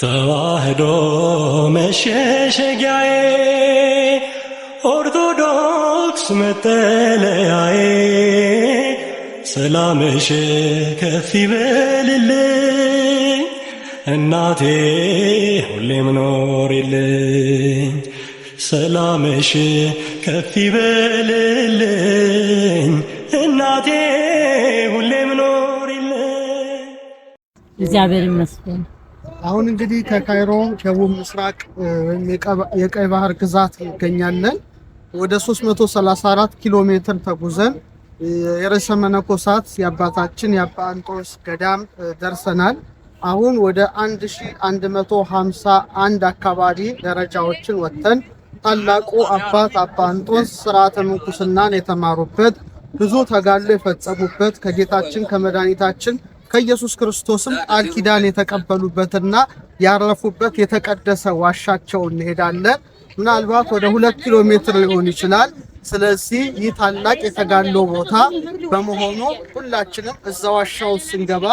ተዋህዶ መሸሸጊያዬ ኦርቶዶክስ መጠለያዬ ሰላምሽ ከፍ ይበልልኝ እናቴ ሁሌም ኖሪልኝ ሰላምሽ ከፍ ይበልልኝ እናቴ ሁሌም ኖሪልኝ። እግዚአብሔር ይመስገን። አሁን እንግዲህ ከካይሮ ደቡብ ምስራቅ የቀይ ባህር ግዛት እንገኛለን። ወደ 334 ኪሎ ሜትር ተጉዘን የርዕሰ መነኮሳት የአባታችን የአባ አንጦንስ ገዳም ደርሰናል። አሁን ወደ 1151 አካባቢ ደረጃዎችን ወጥተን ታላቁ አባት አባ አንጦንስ ስርዓተ ምንኩስናን የተማሩበት ብዙ ተጋድሎ የፈጸሙበት ከጌታችን ከመድኃኒታችን ከኢየሱስ ክርስቶስም ቃል ኪዳን የተቀበሉበትና ያረፉበት የተቀደሰ ዋሻቸው እንሄዳለን። ምናልባት ወደ ሁለት ኪሎ ሜትር ሊሆን ይችላል። ስለዚህ ይህ ታላቅ የተጋድሎ ቦታ በመሆኑ ሁላችንም እዛ ዋሻ ውስጥ ስንገባ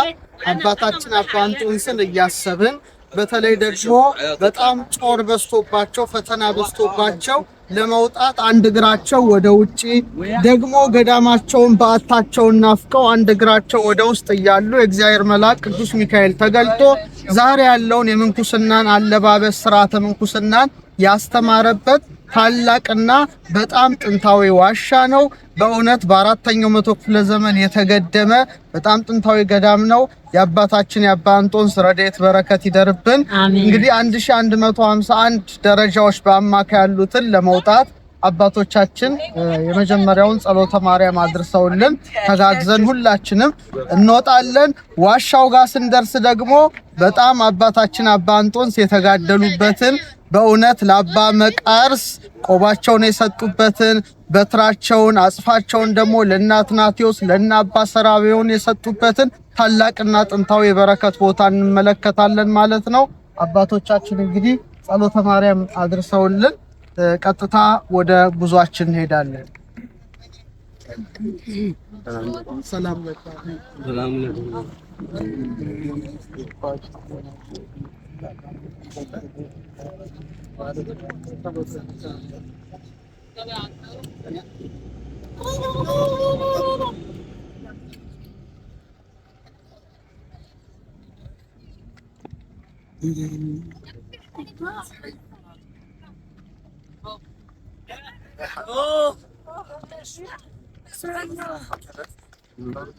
አባታችን አባ እንጦንስን እያሰብን በተለይ ደግሞ በጣም ጦር በዝቶባቸው ፈተና በዝቶባቸው ለመውጣት አንድ እግራቸው ወደ ውጪ ደግሞ ገዳማቸውን በዓታቸውን ናፍቀው አንድ እግራቸው ወደ ውስጥ እያሉ የእግዚአብሔር መልአክ ቅዱስ ሚካኤል ተገልጦ ዛሬ ያለውን የምንኩስናን አለባበስ ስርዓተ ምንኩስናን ያስተማረበት ታላቅና በጣም ጥንታዊ ዋሻ ነው። በእውነት በአራተኛው መቶ ክፍለ ዘመን የተገደመ በጣም ጥንታዊ ገዳም ነው። የአባታችን የአባ እንጦንስ ረድኤት በረከት ይደርብን። እንግዲህ 1151 ደረጃዎች በአማካይ ያሉትን ለመውጣት አባቶቻችን የመጀመሪያውን ጸሎተ ማርያም አድርሰውልን ተጋግዘን ሁላችንም እንወጣለን። ዋሻው ጋር ስንደርስ ደግሞ በጣም አባታችን አባ አንጦንስ የተጋደሉበትን በእውነት ለአባ መቃርስ ቆባቸውን የሰጡበትን በትራቸውን አጽፋቸውን ደግሞ ለእናት ናቴዎስ ለእነ አባ ሰራቢውን የሰጡበትን ታላቅና ጥንታዊ የበረከት ቦታ እንመለከታለን ማለት ነው። አባቶቻችን እንግዲህ ጸሎተ ማርያም አድርሰውልን ቀጥታ ወደ ጉዟችን እንሄዳለን። ሰላም اوه الارض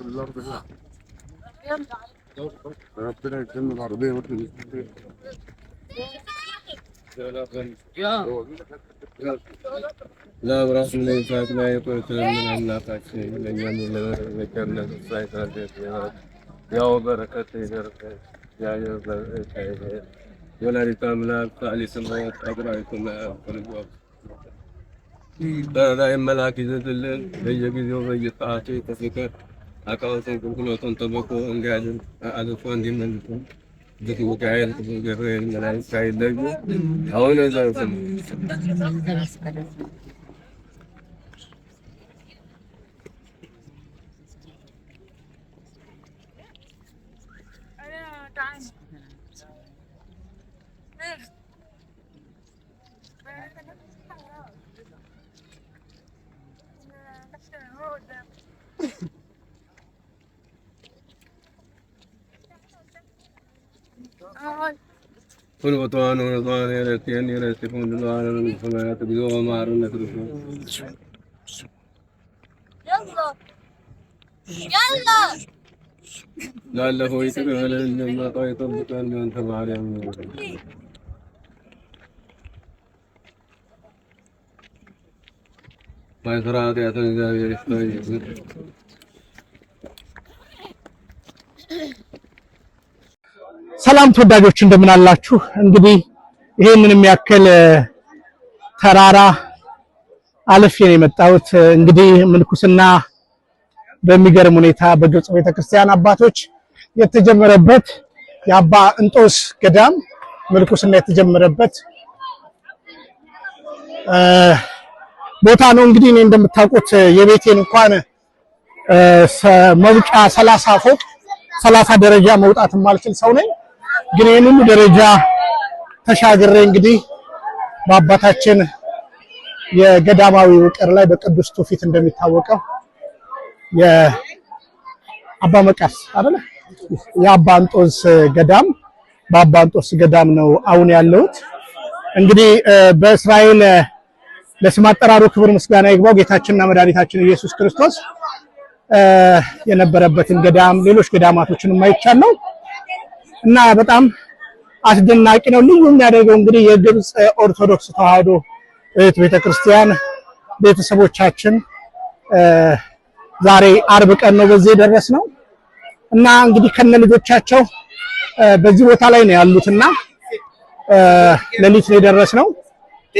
الارض لا برسول الله فات لا يقول كلام من الله قاتل من يوم الله وكان له صيد يا وبركته يا يا ولا رتام لا قال سموات أدرأكم قلوب لا لا إما لا كذا الليل هي كذا وهي طاعتي تفكر አቃወትን ጉልጉሎቶን ተበቆ እንጋድል አልፎ እንዲመልጡ ذكي وكعيل ገብርኤል መላእክት ሳይለዩ አሁን ዘርፍ والوطن والوطن يرثين يرثون العالم السماوات بيوم عارون يلا يلا لعله يتبع على الجنة ويطبق من تبع عليهم ما يزرع تأتون إذا يرثون ሰላም ተወዳጆች እንደምን አላችሁ? እንግዲህ ይሄንን የሚያክል ተራራ አልፌ ነው የመጣሁት። እንግዲህ ምንኩስና በሚገርም ሁኔታ በግብጽ ቤተክርስቲያን አባቶች የተጀመረበት የአባ እንጦስ ገዳም ምንኩስና የተጀመረበት ቦታ ነው። እንግዲህ እኔ እንደምታውቁት የቤቴን እንኳን መውጫ ሰላሳ ፎቅ ሰላሳ ደረጃ መውጣት የማልችል ሰው ነኝ። ግን ይህንን ደረጃ ተሻግሬ እንግዲህ በአባታችን የገዳማዊ ውቅር ላይ በቅዱስ ትውፊት እንደሚታወቀው የአባ መቃርስ አይደለ የአባ እንጦንስ ገዳም በአባ እንጦንስ ገዳም ነው አሁን ያለሁት። እንግዲህ በእስራኤል ለስም አጠራሩ ክብር ምስጋና ይግባው ጌታችንና መድኃኒታችን ኢየሱስ ክርስቶስ የነበረበትን ገዳም ሌሎች ገዳማቶችን የማይቻል ነው። እና በጣም አስደናቂ ነው። ልዩ የሚያደርገው እንግዲህ የግብፅ ኦርቶዶክስ ተዋህዶ እህት ቤተክርስቲያን ቤተሰቦቻችን ዛሬ አርብ ቀን ነው በዚህ የደረስ ነው እና እንግዲህ ከነ ልጆቻቸው በዚህ ቦታ ላይ ነው ያሉትና ሌሊት ነው የደረስ ነው።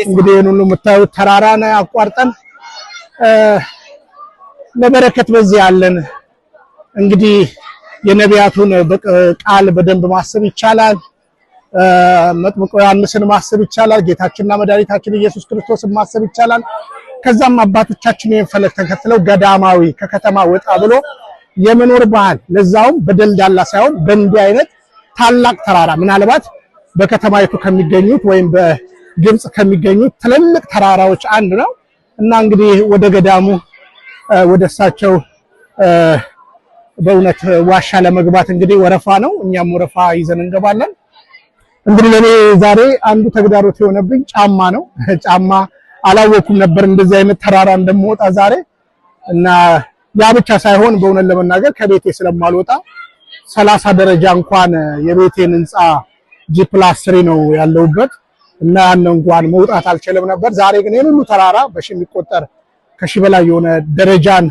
እንግዲህ ይህን ሁሉ የምታዩት ተራራን አቋርጠን ለበረከት በዚህ ያለን እንግዲህ የነቢያቱን ቃል በደንብ ማሰብ ይቻላል። መጥምቁ ዮሐንስን ማሰብ ይቻላል። ጌታችንና መድኃኒታችን ኢየሱስ ክርስቶስን ማሰብ ይቻላል። ከዛም አባቶቻችን ይህን ፈለግ ተከትለው ገዳማዊ ከከተማ ወጣ ብሎ የመኖር ባህል ለዛውም በደልዳላ ሳይሆን በእንዲህ አይነት ታላቅ ተራራ ምናልባት በከተማይቱ ከሚገኙት ወይም በግብጽ ከሚገኙት ትልልቅ ተራራዎች አንድ ነው እና እንግዲህ ወደ ገዳሙ ወደ እሳቸው በእውነት ዋሻ ለመግባት እንግዲህ ወረፋ ነው። እኛም ወረፋ ይዘን እንገባለን። እንግዲህ ለኔ ዛሬ አንዱ ተግዳሮት የሆነብኝ ጫማ ነው። ጫማ አላወኩም ነበር እንደዚህ አይነት ተራራ እንደምወጣ ዛሬ እና ያ ብቻ ሳይሆን በእውነት ለመናገር ከቤቴ ስለማልወጣ ሰላሳ ደረጃ እንኳን የቤቴን ህንፃ ጂፕላስ ስሪ ነው ያለውበት እና ያን እንኳን መውጣት አልችልም ነበር። ዛሬ ግን ይሄን ሁሉ ተራራ በሺ የሚቆጠር ከሺ በላይ የሆነ ደረጃን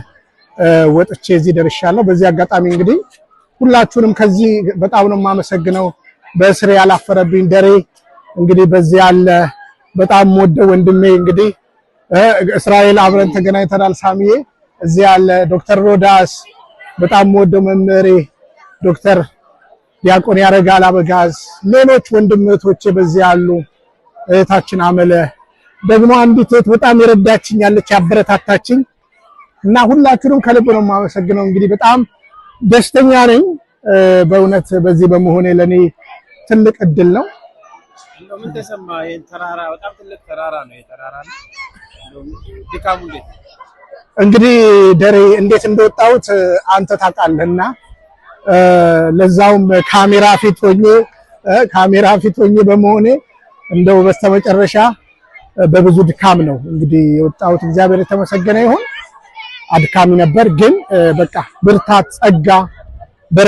ወጥቼ እዚህ ደርሻለሁ። በዚህ አጋጣሚ እንግዲህ ሁላችሁንም ከዚህ በጣም ነው የማመሰግነው። በእስር ያላፈረብኝ ደሬ እንግዲህ በዚህ ያለ በጣም ወደ ወንድሜ እንግዲህ እስራኤል አብረን ተገናኝተናል። ሳሚዬ እዚህ ያለ ዶክተር ሮዳስ በጣም ወደው መምህሬ ዶክተር ዲያቆን ያረጋል አበጋዝ፣ ሌሎች ወንድም እህቶቼ በዚህ ያሉ እህታችን አመለ ደግሞ አንዲት እህት በጣም የረዳችኝ ያለች ያበረታታችኝ እና ሁላችሁንም ከልብ ነው የማመሰግነው። እንግዲህ በጣም ደስተኛ ነኝ በእውነት በዚህ በመሆኔ ለኔ ትልቅ እድል ነው። ምን ተሰማ? ተራራ በጣም ትልቅ ተራራ ነው። የተራራ ድካሙ እንዴት እንግዲህ ደሬ እንዴት እንደወጣሁት አንተ ታውቃለህና ለዛውም ካሜራ ፊት ሆኜ ካሜራ ፊት ሆኜ በመሆኔ እንደው በስተመጨረሻ በብዙ ድካም ነው እንግዲህ የወጣሁት። እግዚአብሔር የተመሰገነ ይሁን። አድካሚ ነበር፣ ግን በቃ ብርታት፣ ጸጋ፣ በረ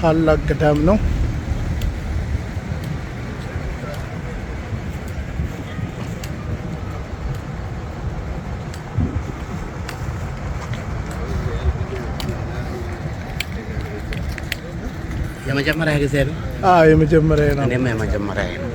ታላቅ ገዳም ነው። የመጀመሪያ ጊዜ ነው። አዎ የመጀመሪያ ነው። እኔም የመጀመሪያ ነው።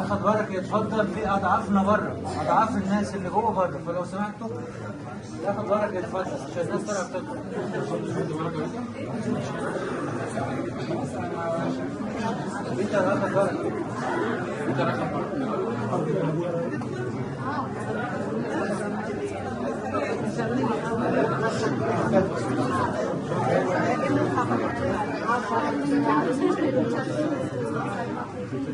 اخد بالك يتفضل في اضعافنا بره اضعاف الناس اللي جوه بره فلو سمحتوا ياخد بالك يتفضل عشان الناس تعرف تدخل انت اخد ورق انت اخد ورق Hmm?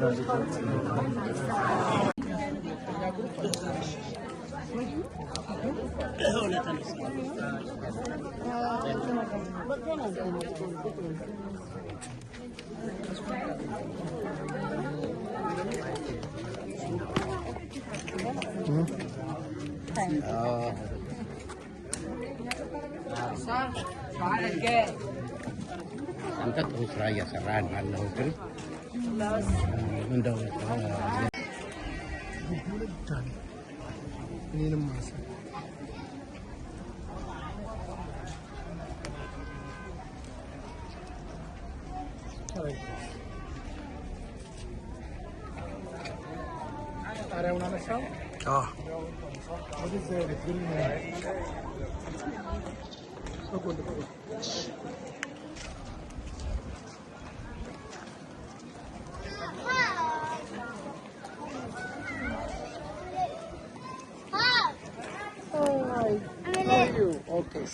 Ang katong seraya sarahan ng من دولة Ininom masa. Are una mesa? Ah. What is the film? So good.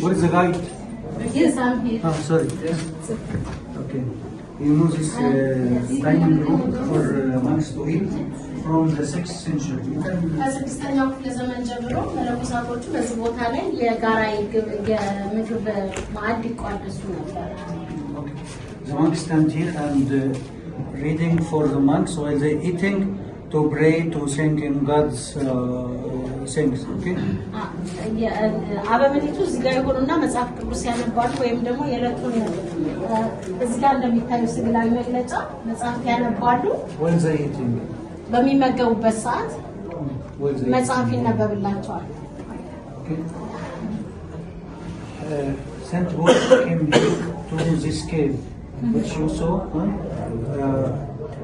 What is the guy? Yes, I'm here. Oh, sorry. Okay. You know this uh, dining room for uh, monks to eat from the 6th century. ከስድስተኛው The monks stand here and uh, reading for the monks while they're eating to pray to sing in God's things. uh, things. Okay? አበምኔቱ እዚህ ጋር የሆኑና መጽሐፍ ቅዱስ ያነባሉ ወይም ደግሞ የዕለቱን እዚህ ጋር እንደሚታዩ ስግላዊ መግለጫ መጽሐፍ ያነባሉ። በሚመገቡበት ሰዓት መጽሐፍ ይነበብላቸዋል። Saint Paul came to this cave which you saw, huh? Uh,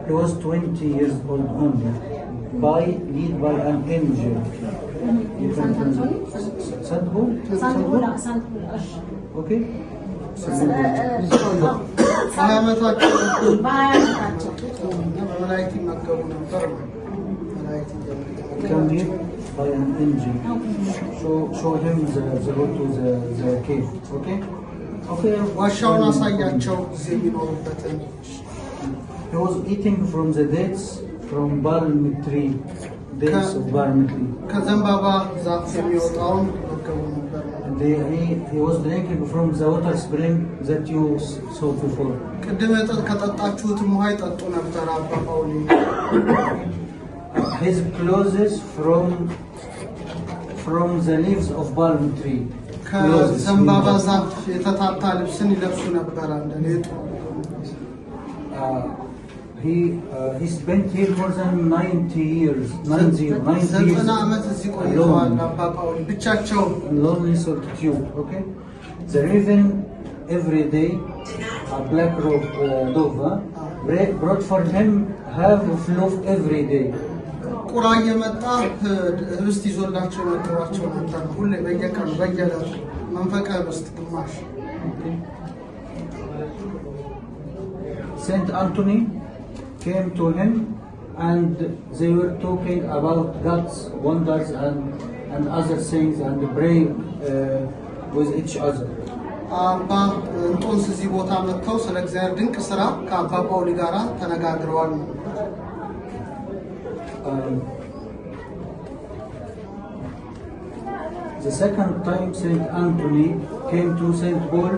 he was 20 years old only, mm-hmm. by lead by an angel. Mm-hmm. You Okay. come here by an Show, show him the, the road to the, the cave, okay? ዋሻውን አሳያቸው He was eating from the dates from balm tree, dates of balm tree. ከዘንባባ ዛፍ የሚወጣውን ይመገቡ ነበር። He was drinking from the water spring that you saw before. His clothes from from the leaves of palm tree. ከዘንባባ ዛፍ የተታታ ልብስን ይለብሱ ነበር። አንደኔ uh, uh, ዘጠና ዓመት እዚህ ቆይተዋል። አባ ጳውል ብቻቸው every day a black robe uh, dove uh, ah. brought for him half of loaf every day. ቁራ እየመጣ ህብስት ይዞላቸው ነገሯቸው ነበር። ሁሌ በየቀኑ በየለቱ መንፈቀ ህብስት ግማሽ ሴንት አንቶኒ ኬም ቱ ሂም አንድ ዘይ ወር ቶኪንግ አባውት ወንደርስ አንድ አዘር ቲንግስ አንድ ፕሬይንግ ዊዝ ኢች አዘር አባ እንጦንስ እዚህ ቦታ መጥተው ስለ እግዚአብሔር ድንቅ ስራ ከአባ ጳውሊ ጋራ ተነጋግረዋል the second time Saint Anthony came to Saint Paul,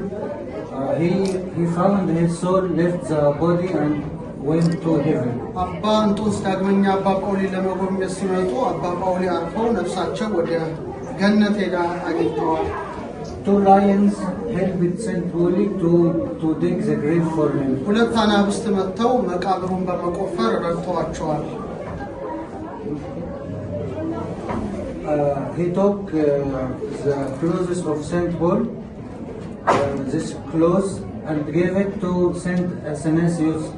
uh, he, he found his soul left the body and ወይም ቶ ሄቨን አባ እንጦንስ ዳግመኛ አባ ጳውሊ ለመጎብኘት ሲመጡ አባ ጳውሊ አርፈው ነፍሳቸው ወደ ገነት ሄዳ አግኝተዋል። ቱ ላየንስ ሄልፕድ ሴንት ፖሊ ቱ ዲግ ዘ ግሬቭ ፎር ሂም። ሁለት አናብስት መጥተው መቃብሩን በመቆፈር ረድተዋቸዋል። Uh, he took uh, the clothes of Saint Paul, uh, this clothes, and gave it to Saint Athanasius,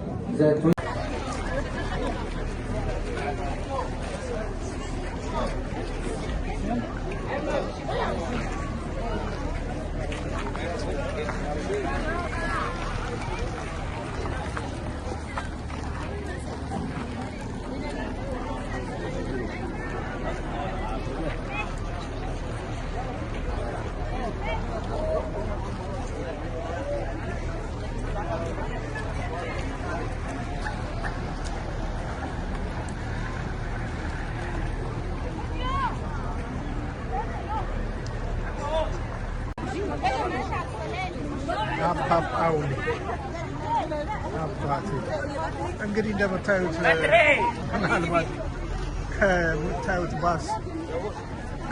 I'm getting them a tail to tail to bus.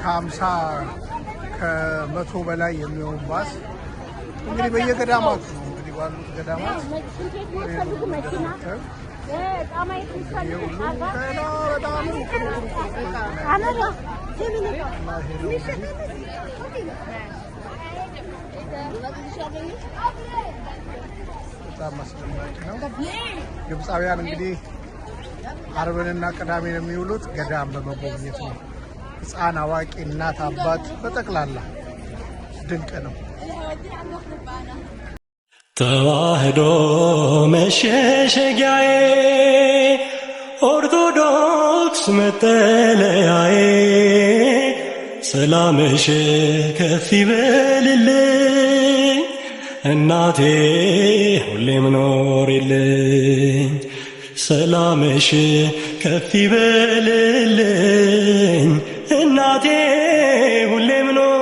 Comes her not over like a new bus. I'm getting a yoga dama. I'm getting one yoga dama. Another በጣም አስደናቂ ነው። ግብፃውያን እንግዲህ አርብንና ቅዳሜን የሚውሉት ገዳም በመጎብኘት ነው። ሕፃን፣ አዋቂ፣ እናት፣ አባት በጠቅላላ ድንቅ ነው። ተዋህዶ መሸሸጊያዬ ኦርቶዶክስ መጠለያዬ ሰላምሽ ከፍ ይበልልኝ እናቴ ሁሌ ኖሪልኝ ሰላምሽ ከፍ ይበልልኝ እናቴ ሁሌም ኖ